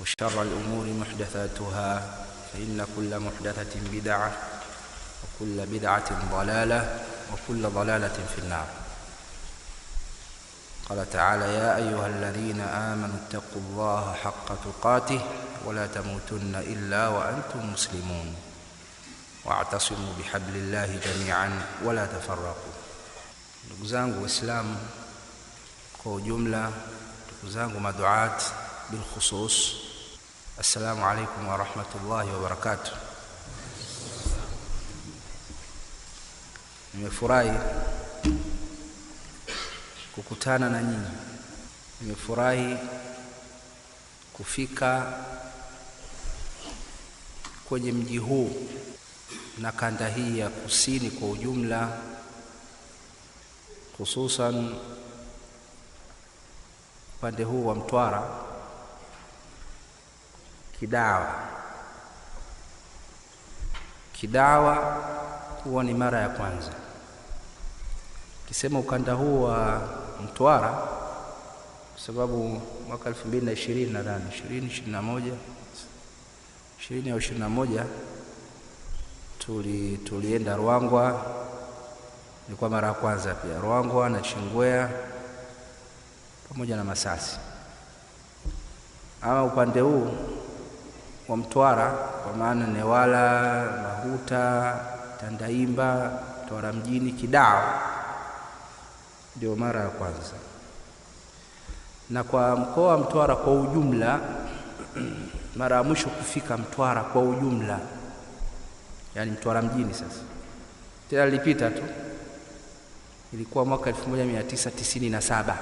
وشر الأمور محدثاتها فإن كل محدثة بدعة وكل بدعة ضلالة وكل ضلالة في النار قال تعالى يا أيها الذين آمنوا اتقوا الله حق تقاته ولا تموتن إلا وأنتم مسلمون واعتصموا بحبل الله جميعا ولا تفرقوا زانغو إسلام waislamu جملة ujumla ndugu بالخصوص السلام عليكم ورحمة الله وبركاته nimefurahi kukutana na nyinyi nimefurahi kufika kwenye mji huu na kanda hii ya kusini kwa ujumla hususan upande huu wa Mtwara Kidawa. Kidawa huwa ni mara ya kwanza. Kisema ukanda huu wa Mtwara, kwa sababu mwaka 2020 nadhani 20 moja ishirini au 21 tuli tulienda rwangwa ilikuwa mara ya kwanza pia. rwangwa na Chingwea pamoja na Masasi. Ama upande huu wa Mtwara kwa maana Newala, Mahuta, Tandaimba, Mtwara mjini, Kidao ndio mara ya kwanza. Na kwa mkoa wa Mtwara kwa ujumla, mara ya mwisho kufika Mtwara kwa ujumla, yani Mtwara mjini sasa, tena lipita tu, ilikuwa mwaka 1997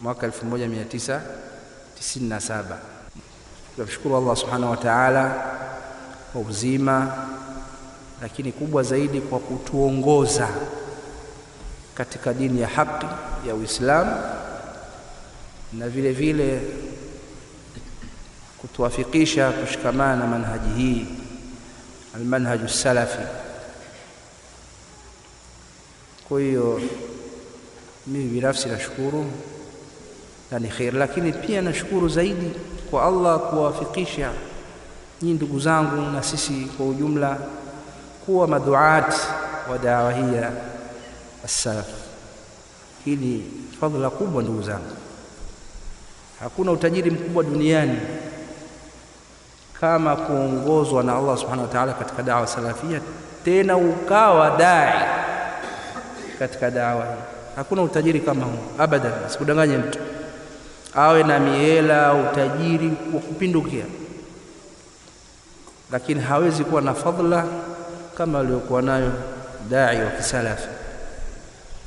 mwaka 97. Tunamshukuru Allah subhanahu wa taala kwa uzima, lakini kubwa zaidi kwa kutuongoza katika dini ya haki ya Uislamu na vile vile kutuwafikisha kushikamana na manhaji hii almanhaju salafi. Kwa hiyo mimi binafsi nashukuru na ni Lakini pia nashukuru zaidi kwa Allah kuwafikisha nyinyi ndugu zangu na sisi kwa ujumla kuwa maduat wa dawa hii ya salaf Hii ni fadhila kubwa ndugu zangu. Hakuna utajiri mkubwa duniani kama kuongozwa na Allah subhanahu wa ta'ala katika dawa salafia, tena ukawa dai katika dawa hii. Hakuna utajiri kama huu abadan, sikudanganye mtu awe na miela utajiri wa kupindukia, lakini hawezi kuwa na fadhila kama aliyokuwa nayo dai wa kisalafi,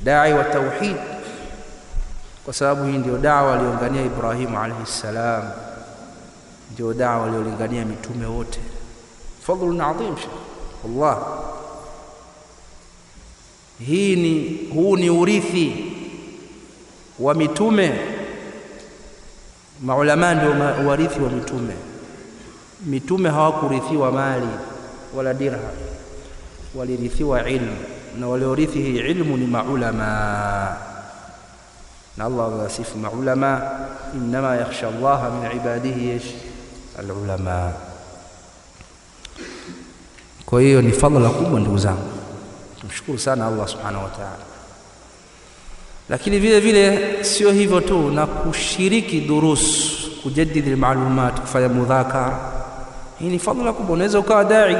dai wa tauhid, kwa sababu hii ndio dawa aliyongania Ibrahimu alaihi salam ndio dawa aliyolingania mitume wote. Fadhlun adhim shekh, hii ni huu ni urithi wa mitume maulama ndio warithi wa mitume. Mitume hawakurithiwa mali wala dirha walirithiwa ilmu, na waliorithi hii ilmu ni maulama Na Allah awasifu maulama innama yakhsha Allah min ibadihi ish alulamaa. Kwa hiyo ni fadhila kubwa, ndugu zangu, tumshukuru sana Allah subhanahu wa ta'ala. lakini vile vile sio hivyo tu na kushiriki durus kujadidi maalumat kufanya mudhakara hii ni fadhila kubwa unaweza ukawa dai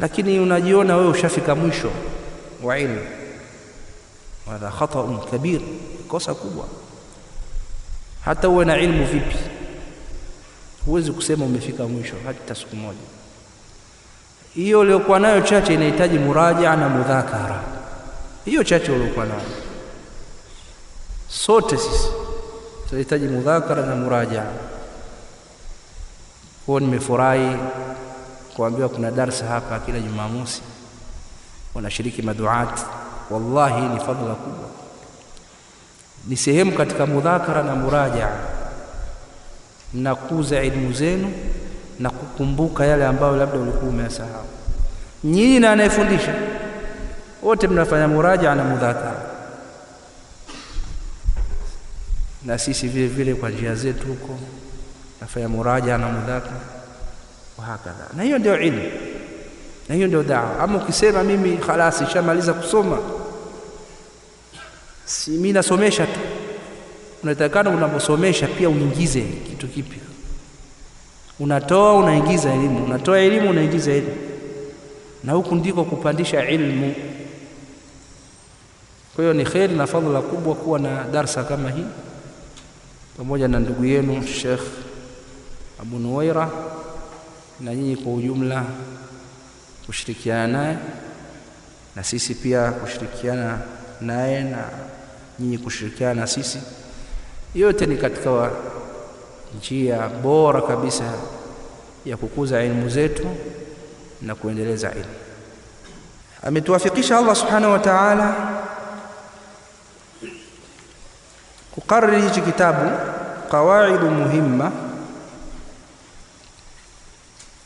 lakini unajiona wewe ushafika mwisho wa ilmu hadha khataun kabir kosa kubwa hata uwe na ilmu vipi huwezi kusema umefika mwisho hata siku moja hiyo uliokuwa nayo chache inahitaji muraja na mudhakara hiyo chache uliokuwa nayo sote sisi tunahitaji mudhakara na muraja Kwa nimefurahi kuambiwa kuna darsa hapa kila Jumamosi, wanashiriki maduati. Wallahi ni fadhila kubwa, ni sehemu katika mudhakara na murajaa, mnakuza ilmu zenu na kukumbuka yale ambayo labda ulikuwa umeyasahau. Nyinyi na anayefundisha wote mnafanya muraja na mudhakara na sisi vile vile kwa njia zetu huko nafanya muraja na mudhaka wa hakadha, na hiyo ndio ilmu na hiyo ndio dawa. Ama ukisema mimi khalasi shamaliza kusoma, si mimi nasomesha tu, unatakana unaposomesha pia uingize kitu kipya. Unatoa unaingiza elimu, unatoa elimu unaingiza elimu, na huku ndiko kupandisha ilmu. Kwa hiyo ni kheri na fadhila kubwa kuwa na darsa kama hii pamoja na ndugu yenu Sheikh Abu Nuwaira na nyinyi kwa ujumla kushirikiana naye na sisi pia kushirikiana naye na nyinyi kushirikiana na sisi, yote ni katika njia bora kabisa ya kukuza elimu zetu na kuendeleza ilmu Ametuwafikisha Allah subhanahu wa ta'ala kukariri hichi kitabu قواعد مهمة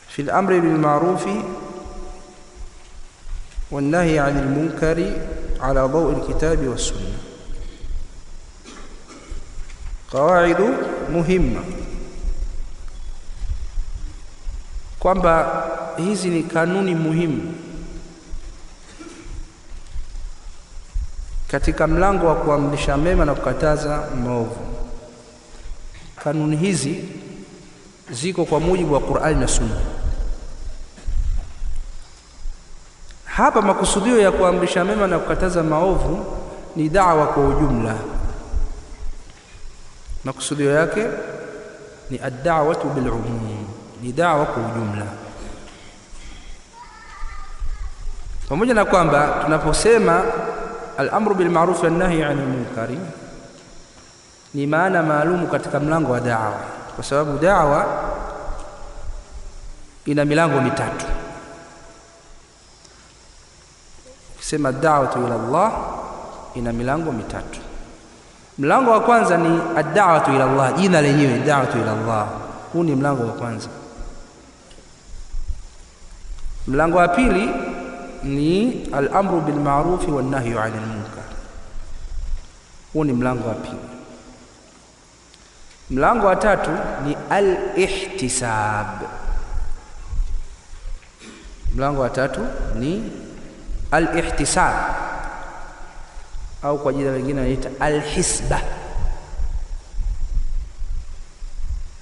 في الأمر بالمعروف والنهي عن المنكر على ضوء الكتاب والسنة قواعد مهمة kwamba hizi ni kanuni muhimu katika mlango wa kuamrisha mema na kukataza maovu Kanuni hizi ziko kwa mujibu wa Qur'ani na Sunna. Hapa makusudio ya kuamrisha mema na kukataza maovu ni da'wa kwa ujumla, makusudio yake ni ad-da'watu bil ni da'wa kwa ujumla, pamoja na kwamba tunaposema al-amru bil ma'ruf wan nahyi 'anil munkari ni maana maalumu katika mlango wa da'wa, kwa sababu da'wa ina milango mitatu. Ukisema da'watu ila Allah ina milango mitatu. Mlango wa kwanza ni ad-da'watu ila Allah, jina lenyewe da'watu ila Allah. Huu ni mlango wa kwanza. Mlango wa pili ni al-amru bil ma'ruf wan nahyu 'anil munkar. Huu ni mlango wa pili. Mlango wa tatu ni al-ihtisab. Mlango wa tatu ni al-ihtisab au kwa jina lingine anaita al-hisba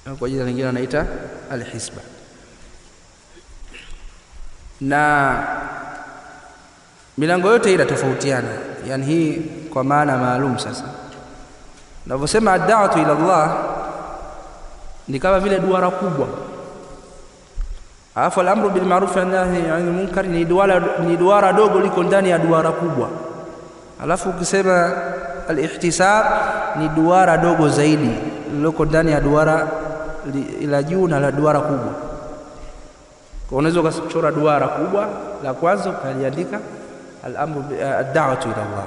au kwa jina lingine anaita al-hisba na milango yote ila tofautiana, yani hii kwa maana maalum. Sasa navyosema ad-da'watu ila Allah ni kama vile duara kubwa alafu al-amru bil ma'ruf wa 'anil munkar ni duara ni duara dogo liko ndani ya duara kubwa alafu ukisema al-ihtisab ni duara dogo zaidi liloko ndani ya duara la juu na la duara kubwa kwa unaweza ukachora duara kubwa la kwanza ukaliandika al-amru ad-da'watu ila Allah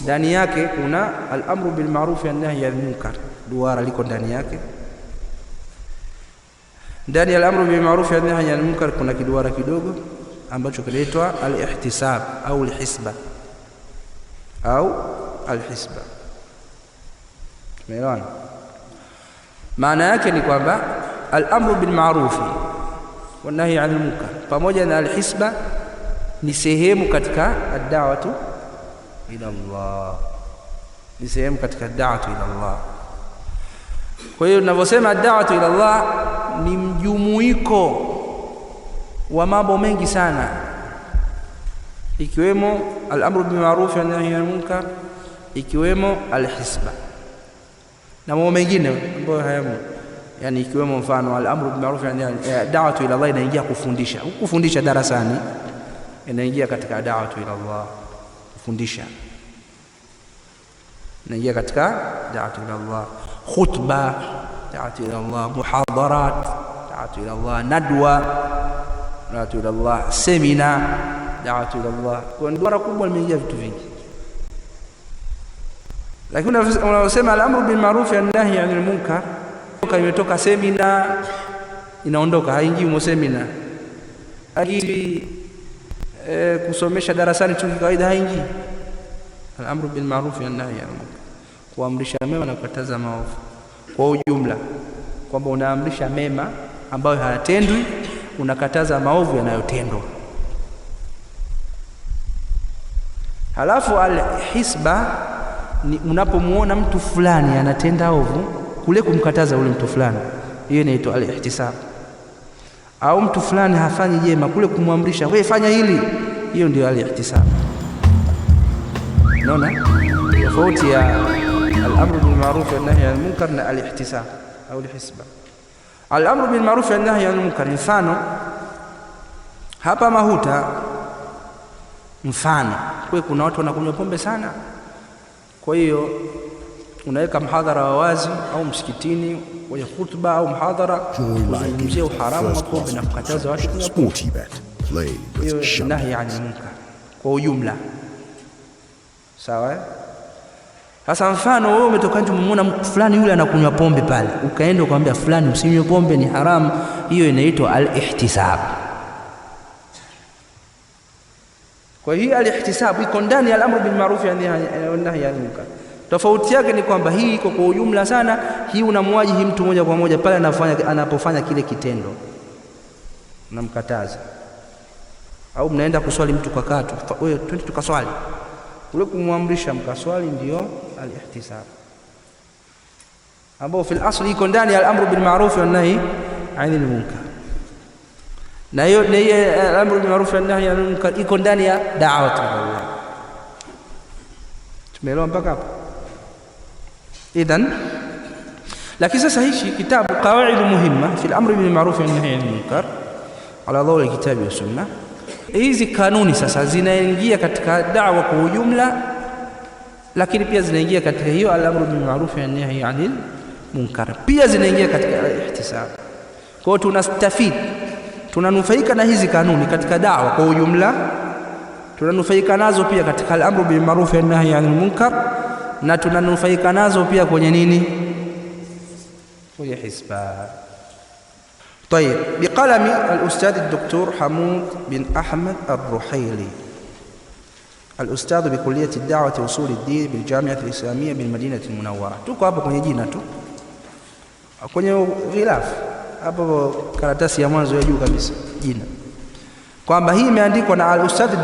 ndani yake kuna al-amru bil ma'ruf wa nahy anil munkar duara liko ndani yake ndani ya al-amru bil ma'ruf wa nahy anil munkar kuna kiduara kidogo ambacho kinaitwa al-ihtisab au al-hisba au al-hisba tumeona maana yake ni kwamba al-amru bil ma'ruf wa nahy anil munkar pamoja na al-hisba ni sehemu katika ad-da'watu ila Allah, ni sehemu katika daatu ila Allah. Kwa hiyo tunavyosema daatu ila Allah ni mjumuiko wa mambo mengi sana, ikiwemo al-amru bil ma'ruf wa nahyi ikiwemo al-hisba na mambo mengine ambayo hayamu yani, ikiwemo mfano al-amru bil ma'ruf daatu ila Allah inaingia kufundisha, kufundisha darasani inaingia katika daatu ila Allah kufundisha naingia katika da'at ila Allah, khutba, da'at ila Allah, muhadarat da'at ila Allah, nadwa, da'at ila Allah, semina, da'at ila Allah. Kwa duara kubwa limeingia vitu vingi, lakini unaosema al-amru bil ma'ruf wa nahy 'anil munkar, kwa imetoka semina, inaondoka haingii umo semina akili e, kusomesha darasani tu kawaida haingi Al-amru bil ma'ruf wa nahy kuamrisha mema na kukataza maovu kwa ujumla, kwamba unaamrisha mema ambayo hayatendwi, unakataza maovu yanayotendwa. Halafu alhisba ni unapomwona mtu fulani anatenda ovu, kule kumkataza ule mtu fulani, hiyo inaitwa ihtisabu au mtu fulani hafanyi jema, kule kumwamrisha wewe fanya hili, hiyo ndio ya ihtisab Naona tofauti ya al-amru bil ma'ruf wa nahy anil munkar na al-ihtisab au al-hisba. Al-amru bil ma'ruf wa nahy anil munkar, mfano hapa Mahuta, mfano kwa kuna watu wanakunywa pombe sana, kwa hiyo unaweka mhadhara wa wazi au msikitini wenye khutba au mhadhara kuzungumzia uharamu wa pombe na kukataza watu kunywa Hiyo nahi ani munkar kwa ujumla, sawa. Eh? Sasa mfano wewe umetoka nje, umemwona mtu fulani yule anakunywa pombe pale, ukaenda ukamwambia fulani, usinywe pombe, ni haramu. Hiyo inaitwa al-ihtisab. Kwa hiyo al-ihtisab iko ndani ya amru bil ma'ruf wa eh, nahy anil munkar. Tofauti yake ni kwamba hii iko kwa ujumla sana, hii unamwajihi mtu moja kwa moja pale anafanya, anapofanya kile kitendo, namkataza. Au mnaenda kuswali mtu kwa tu, wewe twende tukaswali, ule kumwamrisha mkaswali ndio al-ihtisab, ambao fil asli iko ndani ya al-amru bil ma'ruf wa nahi anil munkar, na hiyo eh, al-amru bil ma'ruf wa nahi anil munkar iko ndani ya da'wat Allah. Tumeelewa mpaka hapo? اذا لكن هذا شيء كتاب قواعد مهمة في الأمر بالمعروف والنهي عن المنكر على ضوء الكتاب والسنة هذه قانون ساسا زينينجيا كتك دعوة كجملة لكن بيا زينينجيا كتك هي الأمر بالمعروف والنهي عن المنكر بيا زينينجيا كتك الاحتساب كو تنستفيد تننفيك na hizi kanuni katika dawa kwa ujumla tunanufaika nazo pia katika al-amru bil ma'ruf wa nahy na tunanufaika nazo pia kwenye nini? Kwenye hisba. Tayib, biqalami al-ustadh Hamud bin Ahmad ar-Ruhaili al dawati bi kulliyati ad-da'wa wa usul ad-din bil Jami'ah al-Islamiyah Tuko hapa kwenye jina tu, kwenye ghilaf hapo, karatasi ya mwanzo ya juu kabisa, jina kwamba hii imeandikwa na al-ustadh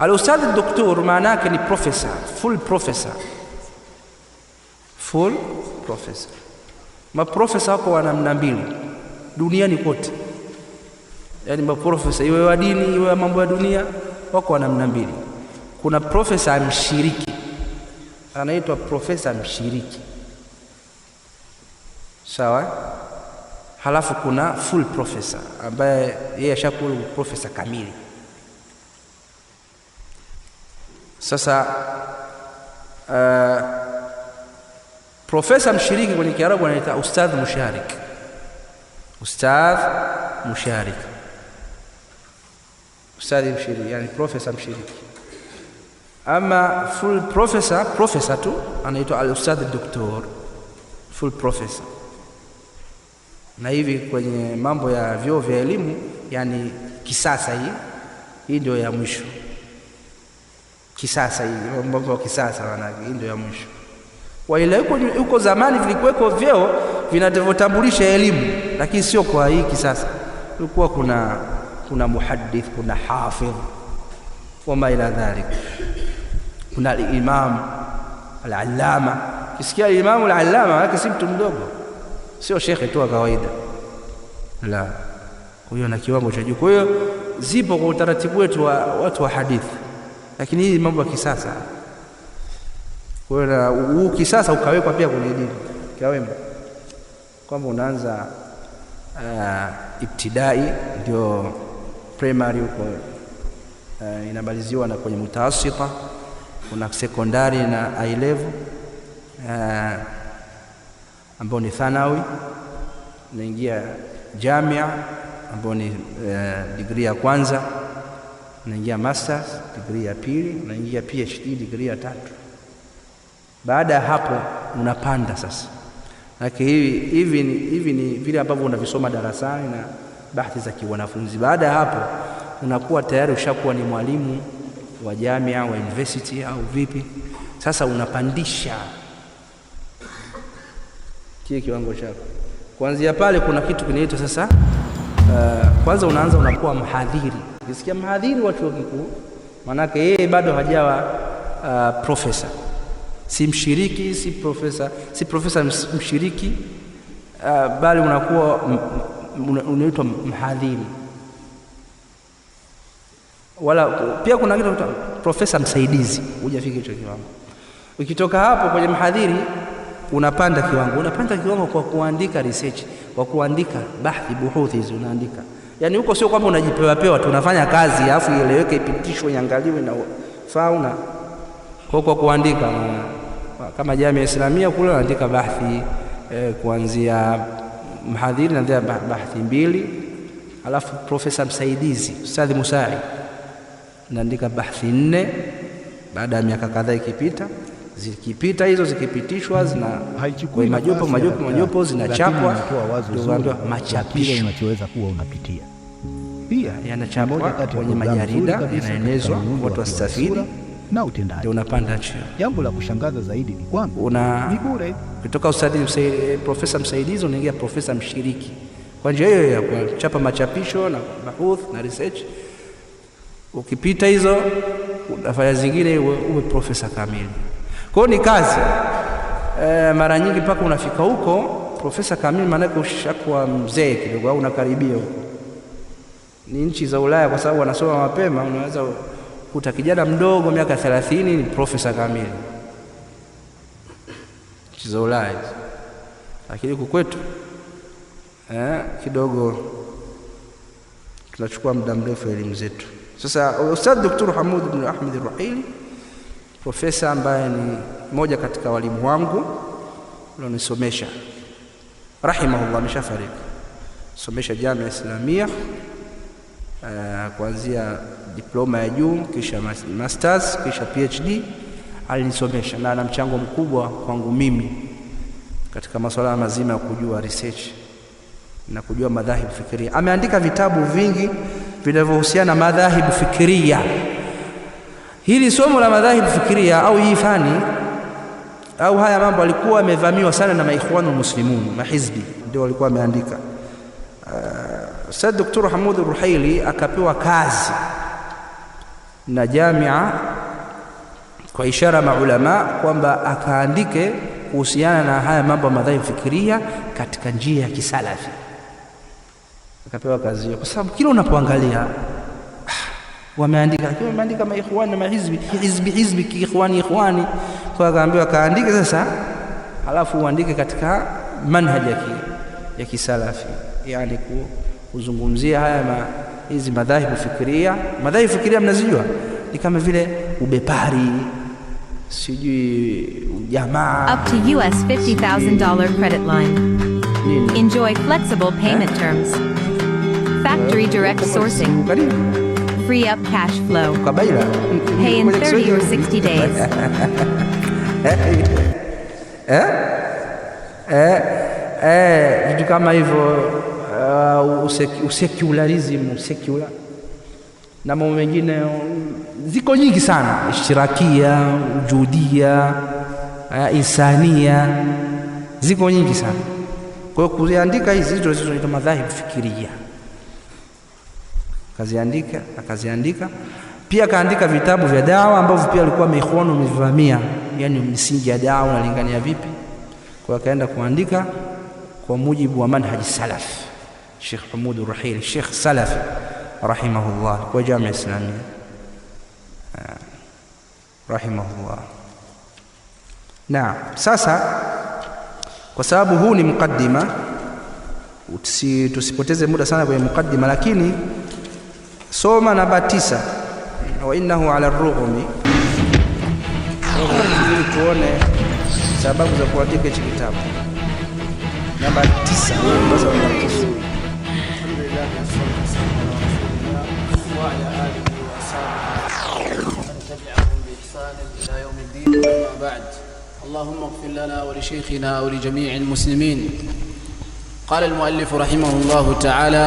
Al-ustadh doktor maana yake ni professor, full professor. Full professor. Maprofesa wako wa namna mbili duniani kote, yaani maprofesa iwe wa dini iwe wa mambo ya dunia, wako wa namna mbili. Kuna profesa mshiriki anaitwa profesa mshiriki, sawa. Halafu kuna full professor ambaye yeye ashakuwa profesa kamili. Sasa uh, profesa mshiriki kwenye Kiarabu anaita ustadh musharik, ustadh musharik, ustadhi mshiriki, yani profesa mshiriki. Ama full profesa profesa tu anaitwa alustadh doktor, full profesa Na hivi kwenye mambo ya vyoo vya elimu yani kisasa, hii hii ndio ya mwisho kisasa hivi, mpango wa kisasa wana hii ndio ya mwisho. Waila huko huko zamani vilikuweko vyeo vinavyotambulisha elimu, lakini sio kwa hii kisasa. Kulikuwa kuna kuna muhaddith kuna hafidh wama ila dhalik, kuna imam al-allama Kisikia imam al-allama yake si mtu mdogo, sio shekhe tu wa kawaida, la huyo na kiwango cha juu. Kwa hiyo zipo kwa utaratibu wetu wa watu wa hadithi lakini hii mambo ya kisasa. Kwa huu kisasa ukawekwa pia kwenye dini kiawemo kwamba unaanza uh, ibtidai ndio primary huko uh, inabaliziwa na kwenye mutawasita kuna sekondari na A level uh, ambao ni thanawi, unaingia jamia ambao ni uh, digrii ya kwanza unaingia masters degree ya pili, unaingia PhD degree ya tatu. Baada ya hapo unapanda sasa, manake hivi hivi ni hivi ni vile ambavyo unavisoma darasani na bahati za kiwanafunzi. Baada ya hapo unakuwa tayari ushakuwa ni mwalimu wa jamii au university au vipi? Sasa unapandisha kile kiwango chako. Kuanzia pale kuna kitu kinaitwa sasa, uh, kwanza unaanza unakuwa mhadhiri sikia mhadhiri wa chuo kikuu, manake yeye bado hajawa uh, profesa, si mshiriki, si profesa, si profesa mshiriki, uh, bali unakuwa unaitwa mhadhiri. Wala pia kuna kitu profesa msaidizi, hujafika hicho kiwango. Ukitoka hapo kwenye mhadhiri unapanda kiwango, unapanda kiwango kwa kuandika research, kwa kuandika bahthi, buhuthi hizi unaandika Yaani huko sio kwamba unajipewa pewa tu, unafanya kazi alafu ieleweke, ipitishwe, iangaliwe na fauna kwa kwa kuandika kama ya Islamia kule wanaandika bahthi eh, kuanzia mhadhiri ndio bahthi mbili, alafu profesa msaidizi ustadhi Musai naandika bahthi nne baada ya miaka kadhaa ikipita zikipita hizo zikipitishwa zina haichukui majopo majopo majopo zinachapwa, tunaambiwa machapisho unachoweza kuwa unapitia pia yanachapwa kwenye majarida yanaenezwa, watu wasafiri na utendaji ndio unapanda chini Jambo la kushangaza zaidi ni kwamba una bure kutoka usadi profesa msaidizi unaingia profesa mshiriki. Kwa njia hiyo ya kuchapa machapisho na bahuth na research, ukipita hizo, nafanya zingine uwe profesa kamili. Kwa ni kazi e, mara nyingi mpaka unafika huko Profesa kamil maanake ushakuwa mzee kidogo au unakaribia huko. Ni nchi za Ulaya kwa sababu wanasoma mapema, unaweza kuta kijana mdogo miaka 30 ni profesa kamil nchi za Ulaya. Lakini huku kwetu eh, kidogo tunachukua muda mrefu elimu zetu. Sasa Ustadh dr Hamud bin Ahmed Ruhaili profesa ambaye ni mmoja katika walimu wangu alionisomesha rahimahullah, ameshafariki somesha ya Islamia uh, kuanzia diploma ya juu kisha masters kisha PhD alinisomesha, na ana mchango mkubwa kwangu mimi katika masuala mazima ya kujua research na kujua madhahibu fikiria. Ameandika vitabu vingi vinavyohusiana na madhahibu fikiria. Hili somo la madhahib fikiria au hii fani au haya mambo alikuwa amevamiwa sana na maikhwanu muslimun, mahizbi ndio walikuwa wameandika. Uh, sa Dr. Hamud Ruhaili akapewa kazi na jamia kwa ishara maulama kwamba akaandike kuhusiana na haya mambo ya madhahib fikiria katika njia ya kisalafi, akapewa kazi hiyo, kwa sababu kila unapoangalia wameandika, lakini wameandika maikhwani na mahizbi, hizbi hizbi, kiikhwani ikhwani. Kwa akaambiwa kaandike sasa, alafu uandike katika manhaji ya kisalafi, yani kuzungumzia haya ma, hizi madhahibu fikiria. Madhahibu fikiria mnazijua, ni kama vile ubepari sijui ujamaa. Up to US $50,000 credit line. Enjoy flexible payment eh? terms. Factory eh, direct sourcing free up cash flow. Kabaila. Pay in 30 or 60 days. Eh? eh? Eh? Eh, vitu kama hivyo uh, usekularism usekula na mambo mengine ziko nyingi sana, ishtirakia, judia uh, eh, insania ziko nyingi sana. Kwa hiyo kuziandika hizi ndizo zinaitwa madhahibu fikiria akaziandika akaziandika. Pia akaandika vitabu vya dawa ambavyo pia alikuwa mikono umevivamia, yani msingi ya dawa unalingania vipi. Kwa akaenda kuandika kwa mujibu wa manhaj salaf, Sheikh Hamoud Rahil, Sheikh Salaf rahimahullah, kwa Jamii Islamia ah, rahimahullah. na sasa kwa sababu huu ni mukaddima, tusipoteze muda sana kwenye mukaddima, lakini soma namba tisa wa innahu ala rughmi ili tuone sababu za kuandika hichi kitabu namba tisa بعد اللهم اغفر لنا ولشيخنا ولجميع المسلمين قال المؤلف رحمه الله تعالى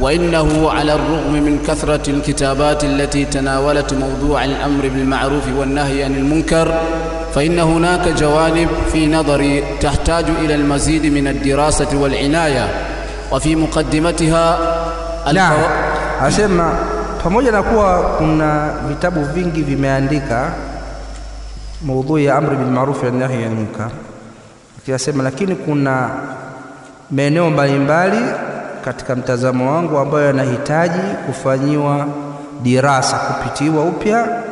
وإنه على الرغم من كثرة الكتابات التي تناولت موضوع الأمر بالمعروف والنهي عن المنكر فإن هناك جوانب في نظري تحتاج إلى المزيد من الدراسة والعناية وفي مقدمتها نعم asema pamoja na kuwa kuna vitabu vingi vimeandika موضوع الامر بالمعروف والنهي عن المنكر لكن كنا munkar, lakini kuna maeneo mbalimbali katika mtazamo wangu ambayo yanahitaji kufanyiwa dirasa, kupitiwa upya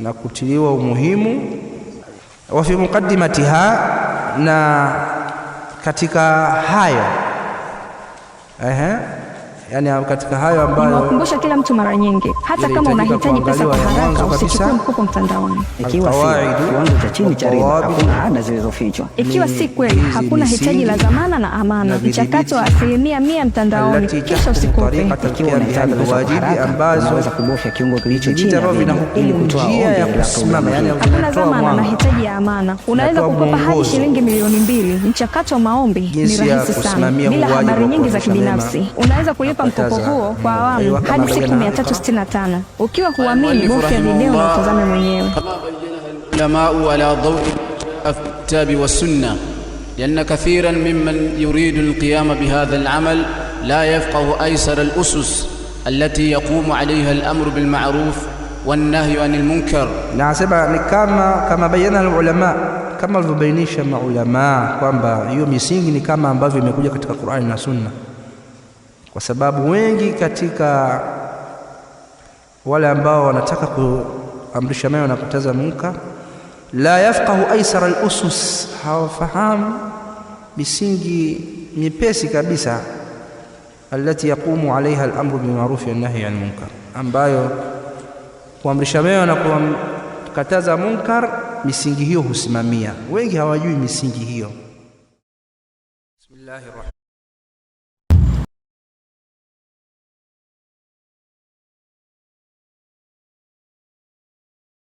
na kutiliwa umuhimu. Wa fi muqaddimatiha, na katika hayo ehe yani katika hayo ambayo niwakumbusha kila mtu mara nyingi, hata kama unahitaji pesa kwa haraka usichukue mkopo mtandaoni. Ikiwa si kiwango cha chini cha riba, hakuna ada zilizofichwa. Ikiwa si kweli, hakuna hitaji la dhamana na amana, mchakato wa asilimia mia mtandaoni, kisha usikope. Ikiwa unahitaji pesa ambazo unaweza kubofya kiungo kilicho chini ya riba ili kutoa ombi ya kusimama, yani hakuna dhamana na hitaji ya amana. Unaweza kukopa hadi shilingi milioni mbili. Mchakato wa maombi ni rahisi sana, bila habari nyingi za kibinafsi. Unaweza kulipa kulipa mkopo huo kwa awamu hadi siku 365. Ukiwa huamini, bofya video na utazame mwenyewe. ulamau ala dawi wa sunna lianna kathiran mimman yuridu alqiyama bihadha alamal la yafqahu aysara alusus allati yaqumu alayha alamru bilmaruf wanahyu ani lmunkar. Na anasema ni kama kama bayana alulama, kama walivyobainisha maulama kwamba hiyo misingi ni kama ambavyo imekuja katika Qurani na Sunna. kwa sababu wengi katika wale ambao wanataka kuamrisha mema na kukataza munkar la yafqahu aisara alusus, hawafahamu misingi mipesi kabisa alati yaqumu alaiha alamru wa nahyi 'anil munkar, ambayo kuamrisha mema na kukataza munkar misingi hiyo husimamia. Wengi hawajui misingi hiyo. Bismillahir